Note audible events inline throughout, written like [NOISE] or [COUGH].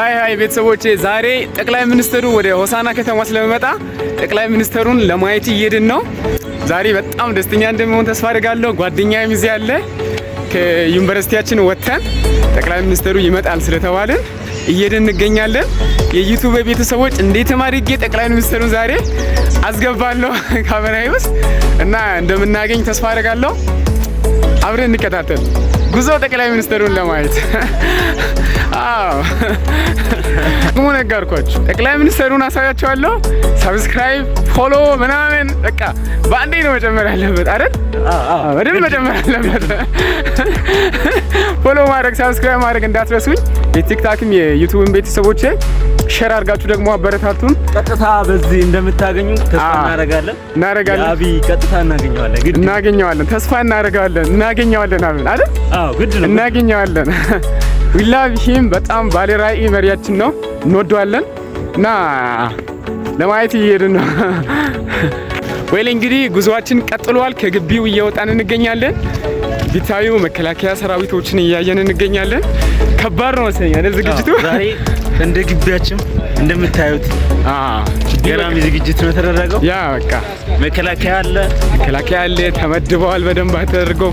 ሀይ ሀይ ቤተሰቦቼ ዛሬ ጠቅላይ ሚኒስትሩ ወደ ሆሳና ከተማ ስለመጣ ጠቅላይ ሚኒስትሩን ለማየት እየሄድን ነው። ዛሬ በጣም ደስተኛ እንደሚሆን ተስፋ አድርጋለሁ። ጓደኛዬም እዚህ አለ። ከዩኒቨርሲቲያችን ወጥተን ጠቅላይ ሚኒስትሩ ይመጣል ስለተባልን እየሄድን እንገኛለን። የዩቱብ ቤተሰቦች እንዴትም አድርጌ ጠቅላይ ሚኒስትሩን ዛሬ አስገባለሁ [LAUGHS] ካሜራዬ ውስጥ እና እንደምናገኝ ተስፋ አድርጋለሁ። አብረን እንከታተል ጉዞ ጠቅላይ ሚኒስትሩን ለማየት [LAUGHS] ደግሞ ነገርኳችሁ፣ ጠቅላይ ሚኒስትሩን አሳያቸዋለሁ። ሰብስክራይብ፣ ፎሎ ምናምን በቃ በአንዴ ነው መጨመር ያለበት አይደል? በደንብ መጨመር ያለበት። ፎሎ ማድረግ ሰብስክራይብ ማድረግ እንዳትረሱኝ። የቲክታክም የዩቱብን ቤተሰቦች ሼር አድርጋችሁ ደግሞ አበረታቱን። ቀጥታ በዚህ እንደምታገኙ ተስፋ እናደርጋለን እናደርጋለን። አብይ ቀጥታ እናገኘዋለን፣ ግድ እናገኘዋለን። ተስፋ እናደርጋለን እናገኘዋለን። አብን አይደል? አዎ ግድ ነው እናገኘዋለን። ዊላቪሂም በጣም ባለ ራዕይ መሪያችን ነው፣ እንወደዋለን እና ለማየት እየሄድን ነው። [LAUGHS] ወይል እንግዲህ ጉዞአችን ቀጥሏል። ከግቢው እየወጣን እንገኛለን። ቢታዩ መከላከያ ሰራዊቶችን እያየን እንገኛለን። ከባድ ነው መሰለኝ አይደል ዝግጅቱ እንደ ግቢያችን እንደምታዩት ገራሚ ዝግጅት ነው የተደረገው። ያ በቃ መከላከያ አለ፣ መከላከያ አለ፣ ተመድበዋል በደንብ ተደርገው።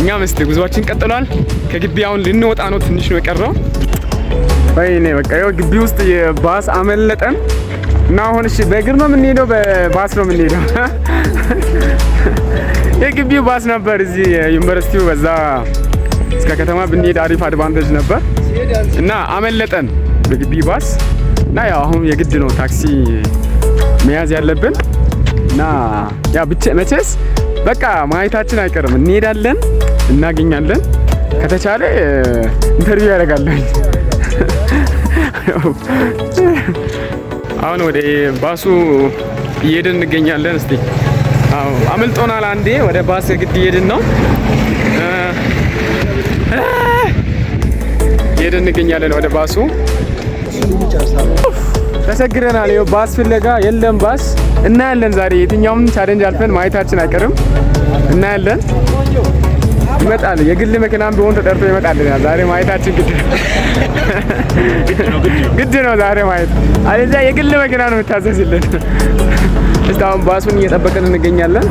እኛም እስቲ ጉዟችን ቀጥሏል። ከግቢ አሁን ልንወጣ ነው፣ ትንሽ ነው የቀረው። ወይኔ በቃ ይኸው ግቢ ውስጥ የባስ አመለጠን እና አሁን እሺ፣ በእግር ነው የምንሄደው በባስ ነው የምንሄደው? [LAUGHS] የግቢው ባስ ነበር እዚህ ዩኒቨርሲቲው፣ በዛ እስከ ከተማ ብንሄድ አሪፍ አድቫንቴጅ ነበር እና አመለጠን በግቢ ባስ እና ያው አሁን የግድ ነው ታክሲ መያዝ ያለብን እና ያ ብቻ መቼስ በቃ ማየታችን አይቀርም። እንሄዳለን፣ እናገኛለን። ከተቻለ ኢንተርቪው ያደርጋለኝ። አሁን ወደ ባሱ እየሄድን እንገኛለን። እስቲ አዎ አምልጦናል። አንዴ ወደ ባስ ግድ እየሄድን ነው እየሄድን እንገኛለን ወደ ባሱ ተቸግረናል። ይኸው ባስ ፍለጋ የለም ባስ እናያለን። ዛሬ የትኛውም ቻሌንጅ አልፈን ማየታችን አይቀርም። እናያለን ይመጣል። የግል መኪናም ቢሆን ተጠርቶ ይመጣልናል። ዛሬ ማየታችን ግድ ግድ ነው። ዛሬ ማየት አለዚያ የግል መኪና ነው የምታዘዝልን። እስካሁን ባሱን እየጠበቀን እንገኛለን።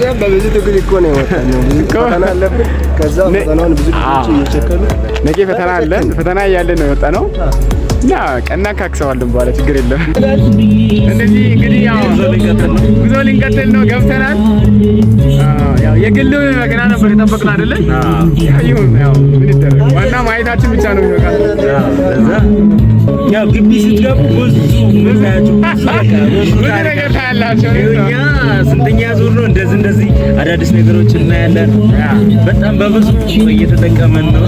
ኢትዮጵያ በብዙ ትግል እኮ ነው የወጣነው። ፈተና አለብን። ከዛ ፈተናውን ብዙ ልጆች እየቸከሉ ነቄ ፈተና ፈተና እያለ ነው የወጣነው እና ቀና ካክሰዋለን በኋላ ችግር የለም። እንደዚህ እንግዲህ ያው ጉዞ ልንቀጥል ነው ገብተናል። የግሉ መኪና ነበር የጠበቅን አይደለ? ይሁን ያው ምን ይደረግ፣ ዋና ማየታችን ብቻ ነው ይበቃል። ያው ግቢ ስትገቡ ብዙ ብዙ ነገር ታያላቸው እንደዚህ እንደዚህ አዳዲስ ነገሮች እናያለን። በጣም በብዙ እየተጠቀመን ነው።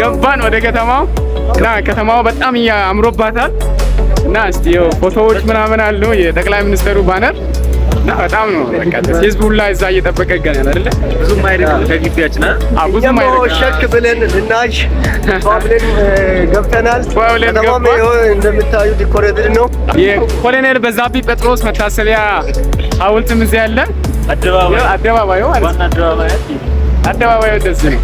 ገባን ወደ ከተማው እና ከተማው በጣም አምሮባታል እና እስቲ ፎቶዎች ምናምን አሉ የጠቅላይ ሚኒስትሩ ባነር በጣም ነው በቃ ህዝብ ሁላ እዛ እየጠበቀ ይገኛል አይደለ? ብዙም አይርቅም ከግቢያችን። አዎ ብዙም አይርቅም። ሸክ ብለን ልናሽ ፓብለን ገብተናል። ፓብለን ገባ እንደምታዩ ዲኮሬትድ ነው። የኮሎኔል በዛብህ ጴጥሮስ መታሰቢያ ሐውልትም እዚህ አለ። አደባባዩ አደባባዩ አደባባዩ ደስ ነው።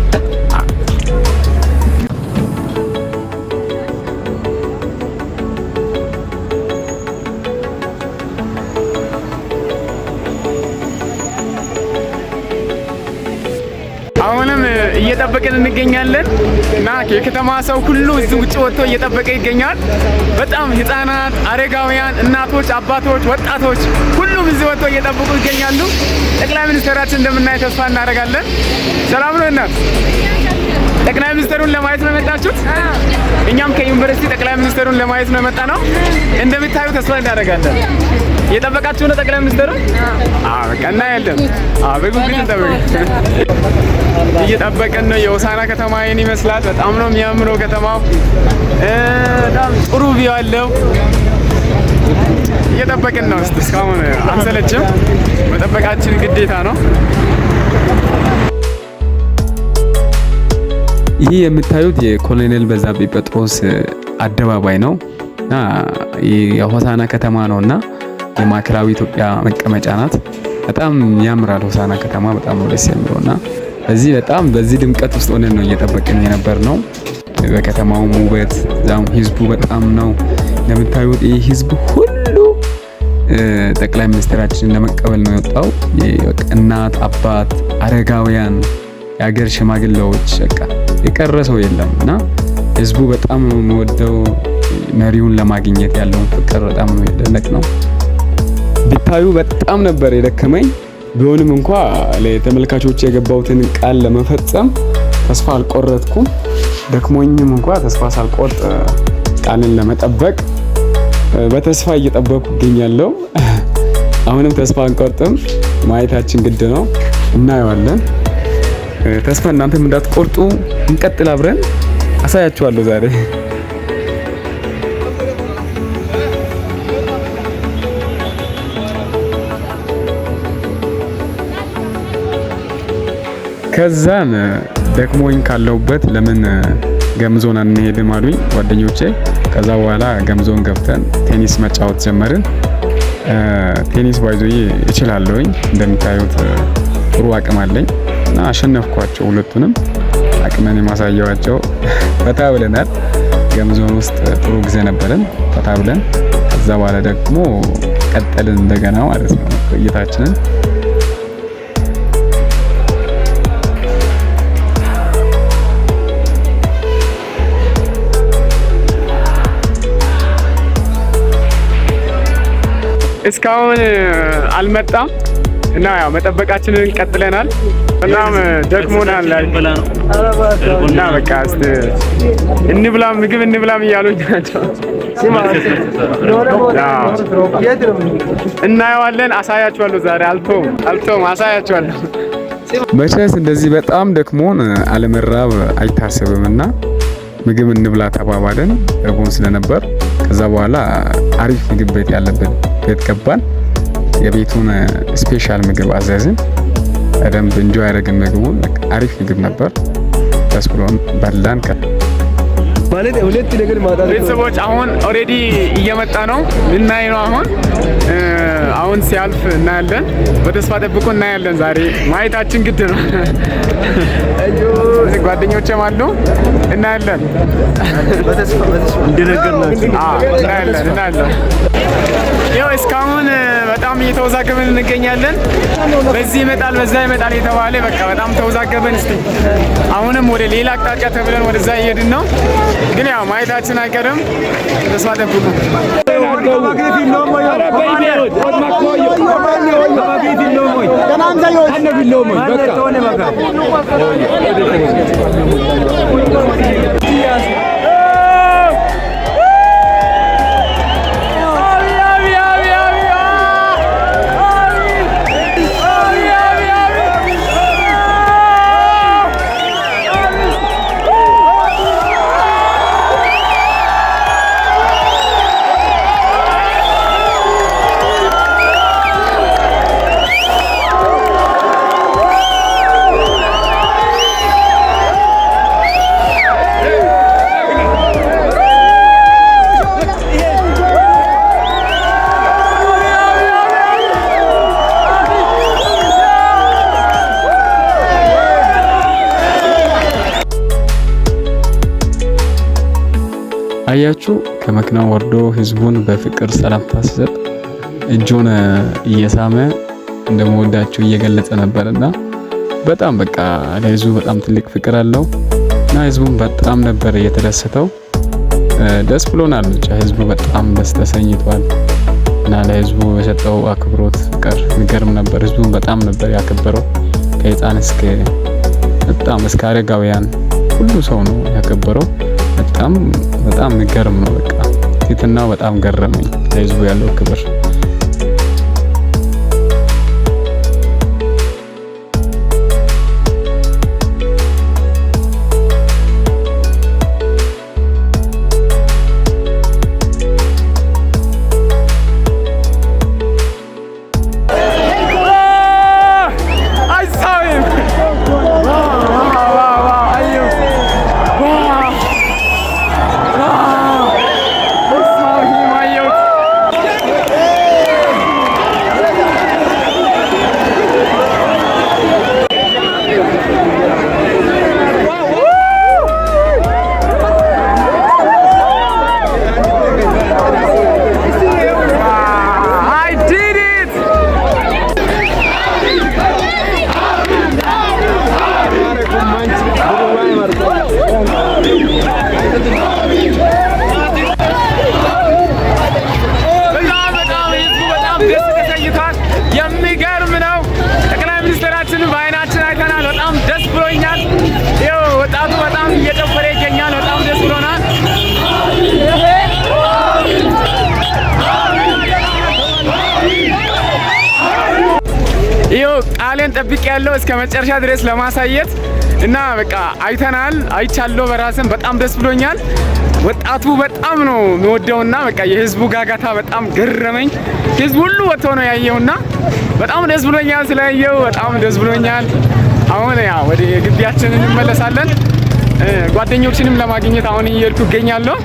እየጠበቀን እንገኛለን እና የከተማ ሰው ሁሉ እዚህ ውጭ ወጥቶ እየጠበቀ ይገኛል። በጣም ህፃናት፣ አረጋውያን፣ እናቶች፣ አባቶች፣ ወጣቶች ሁሉም እዚህ ወጥቶ እየጠበቁ ይገኛሉ። ጠቅላይ ሚኒስትራችን እንደምናየ ተስፋ እናደርጋለን። ሰላም ነው እና ጠቅላይ ሚኒስትሩን ለማየት ነው የመጣችሁት? እኛም ከዩኒቨርሲቲ ጠቅላይ ሚኒስትሩን ለማየት ነው የመጣ ነው። እንደምታዩ ተስፋ እናደርጋለን። እየጠበቃችሁ ነው ጠቅላይ ሚኒስትሩ? አዎ በቃ እናያለን። አዎ በጉጉት እንጠብቅ። እየጠበቀን ነው። የሆሳዕና ከተማ ይህን ይመስላል። በጣም ነው የሚያምረው ከተማው። በጣም ጥሩ ቪው አለው። እየጠበቅን ነው። እስቲ እስካሁን አንሰለችም። መጠበቃችን ግዴታ ነው። ይህ የምታዩት የኮሎኔል በዛብህ ጴጥሮስ አደባባይ ነው። የሆሳዕና ከተማ ነው እና የማዕከላዊ ኢትዮጵያ መቀመጫ ናት። በጣም ያምራል። ሆሳዕና ከተማ በጣም ነው ደስ የሚለው እና እዚህ በጣም በዚህ ድምቀት ውስጥ ሆነን ነው እየጠበቅን የነበር ነው። በከተማውም ውበት ዛም ህዝቡ በጣም ነው ለምታዩት ይህ ህዝብ ሁሉ ጠቅላይ ሚኒስትራችንን ለመቀበል ነው የወጣው። እናት፣ አባት፣ አረጋውያን፣ የሀገር ሽማግሌዎች በቃ የቀረ ሰው የለም እና ህዝቡ በጣም የምወደው መሪውን ለማግኘት ያለውን ፍቅር በጣም ነው የደነቅ ነው። ብታዩ በጣም ነበር የደከመኝ። ቢሆንም እንኳ ለተመልካቾች የገባሁትን ቃል ለመፈጸም ተስፋ አልቆረጥኩም። ደክሞኝም እንኳ ተስፋ ሳልቆርጥ ቃልን ለመጠበቅ በተስፋ እየጠበኩ እገኛለሁ። አሁንም ተስፋ አንቆርጥም፣ ማየታችን ግድ ነው። እናየዋለን። ተስፋ እናንተም እንዳትቆርጡ፣ እንቀጥል አብረን አሳያችኋለሁ ዛሬ ከዛን ደክሞኝ ካለሁበት ለምን ገምዞን አንሄድም አሉኝ ጓደኞቼ። ከዛ በኋላ ገምዞን ገብተን ቴኒስ መጫወት ጀመርን። ቴኒስ ባይዞዬ እችላለሁኝ እንደሚታዩት ጥሩ አቅም አለኝ እና አሸነፍኳቸው ሁለቱንም። አቅመን የማሳየዋቸው [LAUGHS] ፈታ ብለናል። ገምዞን ውስጥ ጥሩ ጊዜ ነበረን ፈታ ብለን። ከዛ በኋላ ደግሞ ቀጠልን እንደገና ማለት ነው ቆይታችንን እስካሁን አልመጣም እና ያው መጠበቃችንን ቀጥለናል። በጣም ደክሞናል እና በቃ እንብላም ምግብ እንብላም እያሉኝ ናቸው። እናየዋለን፣ አሳያችኋለሁ። ዛሬ አልተውም አልተውም፣ አሳያችኋለሁ። መቼስ እንደዚህ በጣም ደክሞን አለመራብ አይታሰብም እና ምግብ እንብላ ተባባልን፣ እርቦን ስለነበር ከዛ በኋላ አሪፍ ምግብ ቤት ያለብን ቤት ገባን። የቤቱን ስፔሻል ምግብ አዘዝን። በደንብ እንጆ ያደረግን ምግቡ አሪፍ ምግብ ነበር። ደስ ብሎን በላን። ማለት ሁለት ነገር ማውጣት ቤተሰቦች አሁን ኦሬዲ እየመጣ ነው። ልናይ ነው አሁን አሁን ሲያልፍ እናያለን። በተስፋ ጠብቆ እናያለን። ዛሬ ማየታችን ግድ ነው። ጓደኞቼም አሉ። እናያለን እናያለን እናያለን እየተወዛገብን እንገኛለን። በዚህ ይመጣል በዛ ይመጣል የተባለ በቃ በጣም ተወዛገብን። እስቲ አሁንም ወደ ሌላ አቅጣጫ ተብለን ወደዛ እየሄድን ነው፣ ግን ያው ማየታችን አይቀርም። ተስፋ ጠብቁ። አያችሁ፣ ከመኪናው ወርዶ ህዝቡን በፍቅር ሰላምታ ሲሰጥ እጁን እየሳመ እንደመወዳቸው እየገለጸ ነበር እና በጣም በቃ ለህዝቡ በጣም ትልቅ ፍቅር አለው እና ህዝቡን በጣም ነበር የተደሰተው። ደስ ብሎናል። ብቻ ህዝቡ በጣም ደስ ተሰኝቷል እና ለህዝቡ የሰጠው አክብሮት፣ ፍቅር የሚገርም ነበር። ህዝቡን በጣም ነበር ያከበረው። ከህፃን እስከ በጣም እስከ አረጋውያን ሁሉ ሰው ነው ያከበረው። በጣም በጣም የሚገርም ነው። በቃ ፊትና በጣም ገረመኝ ለህዝቡ ያለው ክብር ጠብቅ ያለው እስከ መጨረሻ ድረስ ለማሳየት እና በቃ አይተናል፣ አይቻለው። በራስን በጣም ደስ ብሎኛል። ወጣቱ በጣም ነው የሚወደውና በቃ የህዝቡ ጋጋታ በጣም ገረመኝ። ህዝቡ ሁሉ ወጥቶ ነው ያየውና በጣም ደስ ብሎኛል ስለያየው፣ በጣም ደስ ብሎኛል። አሁን ያ ወደ ግቢያችን እንመለሳለን። ጓደኞችንም ለማግኘት አሁን እየሄድኩ እገኛለሁ።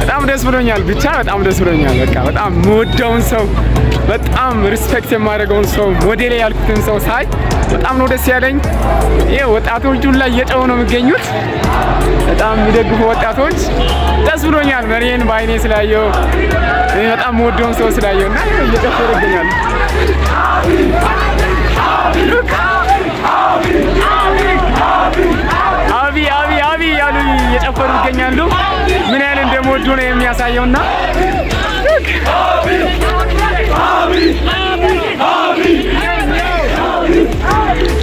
በጣም ደስ ብሎኛል። ብቻ በጣም ደስ ብሎኛል። በቃ በጣም የምወደውን ሰው በጣም ሪስፔክት የማደርገውን ሰው ሞዴል ያልኩትን ሰው ሳይ በጣም ነው ደስ ያለኝ። ይሄ ወጣቶቹን ላይ እየጨው ነው የሚገኙት። በጣም የሚደግፉ ወጣቶች ደስ ብሎኛል። መሪን በአይኔ ስላየው በጣም ወደውም ሰው ስላየው እና እየጨፈረ ይገኛል። አቢ አቢ አቢ እየጨፈሩ ይገኛሉ። ምን ያህል እንደምወዱ ነው የሚያሳየውና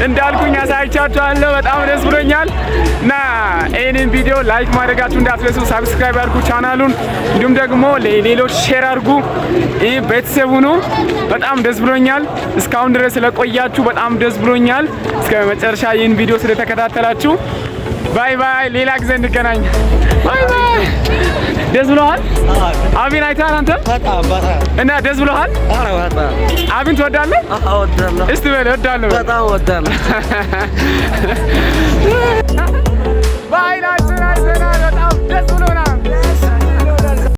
እንዳልኩኝ አሳይቻችኋለሁ። በጣም ደስ ብሎኛል እና ይህንን ቪዲዮ ላይክ ማድረጋችሁ እንዳትረሱ፣ ሳብስክራይብ አድርጉ ቻናሉን፣ እንዲሁም ደግሞ ለሌሎች ሼር አድርጉ። ይህ ቤተሰቡ ነው። በጣም ደስ ብሎኛል። እስካሁን ድረስ ስለቆያችሁ በጣም ደስ ብሎኛል። እስከ መጨረሻ ይህን ቪዲዮ ስለተከታተላችሁ ባይ ባይ። ሌላ ጊዜ እንገናኝ። ባይ ባይ። ደስ ብሎሃል? አቢን አይተሃል አንተ? እና ደስ ብሎሃል? አቢን ትወዳለህ? እስቲ በል እወዳለሁ። በጣም እወዳለሁ። ባይ